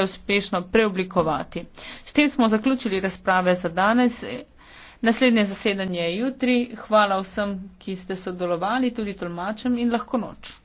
uspešno preoblikovati. S tem smo zaključili razprave za danes. Naslednje zasedanje je jutri. Hvala vsem, ki ste sodelovali, tudi tolmačem in lahko noč.